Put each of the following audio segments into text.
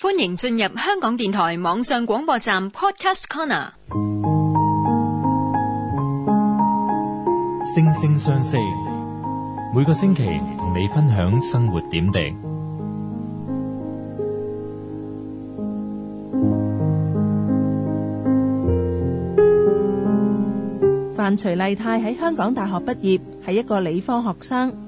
歡迎進入香港電台網上廣播站 Podcast Corner。星聲相識，每個星期同你分享生活點滴。范徐麗泰喺香港大學畢業，係一個理科學生。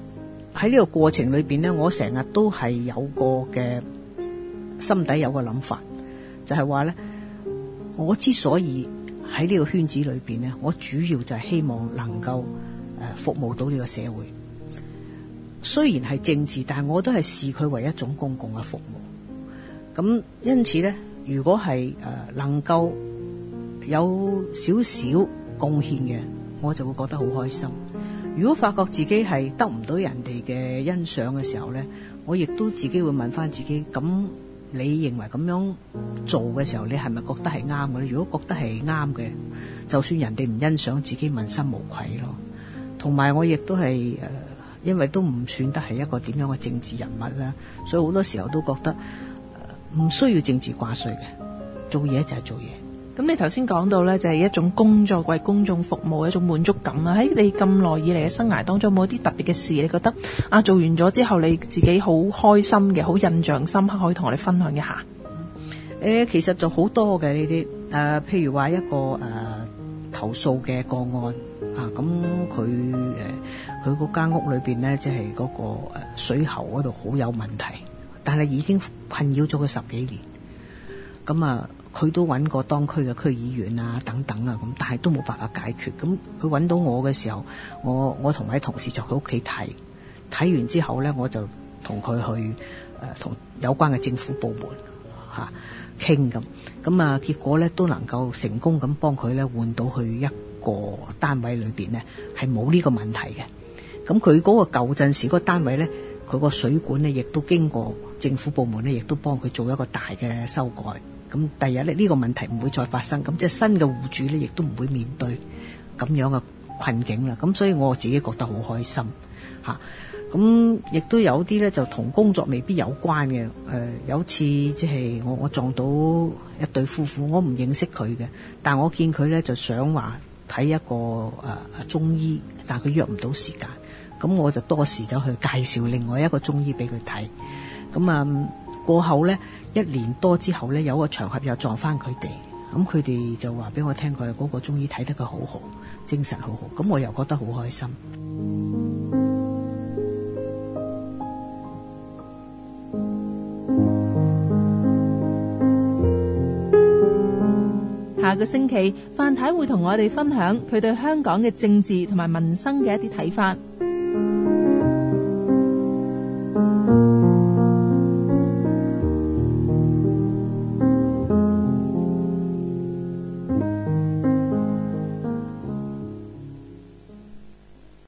喺呢個過程裏邊咧，我成日都係有個嘅心底有個諗法，就係話咧，我之所以喺呢個圈子裏邊咧，我主要就係希望能夠誒服務到呢個社會。雖然係政治，但係我都係視佢為一種公共嘅服務。咁因此咧，如果係誒能夠有少少貢獻嘅，我就會覺得好開心。如果發覺自己係得唔到人哋嘅欣賞嘅時候呢，我亦都自己會問翻自己：咁你認為咁樣做嘅時候，你係咪覺得係啱嘅？如果覺得係啱嘅，就算人哋唔欣賞，自己問心無愧咯。同埋我亦都係，因為都唔算得係一個點樣嘅政治人物啦，所以好多時候都覺得唔需要政治掛帥嘅，做嘢就係做嘢。咁你頭先講到咧，就係、是、一種工作為公眾服務嘅一種滿足感啊！喺、哎、你咁耐以嚟嘅生涯當中，冇一啲特別嘅事，你覺得啊做完咗之後，你自己好開心嘅，好印象深刻，可以同我哋分享一下？誒、呃，其實就好多嘅呢啲，誒、呃，譬如話一個誒、呃、投訴嘅個案啊，咁佢誒佢嗰間屋裏邊咧，即係嗰個誒、呃、水喉嗰度好有問題，但係已經困擾咗佢十幾年，咁、嗯、啊。佢都揾過當區嘅區議員啊，等等啊，咁但係都冇辦法解決。咁佢揾到我嘅時候，我我同位同事就去屋企睇，睇完之後咧，我就同佢去呃、同有關嘅政府部門傾咁咁啊。結果咧都能夠成功咁幫佢咧換到去一個單位裏面咧，係冇呢個問題嘅。咁佢嗰個舊陣時嗰個單位咧，佢個水管咧亦都經過政府部門咧，亦都幫佢做一個大嘅修改。咁第日咧呢個問題唔會再發生，咁即係新嘅戶主咧，亦都唔會面對咁樣嘅困境啦。咁所以我自己覺得好開心，吓。咁亦都有啲咧就同工作未必有關嘅。誒，有次即係我我撞到一對夫婦，我唔認識佢嘅，但我見佢咧就想話睇一個誒中醫，但係佢約唔到時間，咁我就多時走去介紹另外一個中醫俾佢睇，咁啊。過後呢一年多之後呢，有個場合又撞返佢哋，咁佢哋就話俾我聽，佢嗰個中醫睇得佢好好，精神好好，咁我又覺得好開心。下個星期范太會同我哋分享佢對香港嘅政治同埋民生嘅一啲睇法。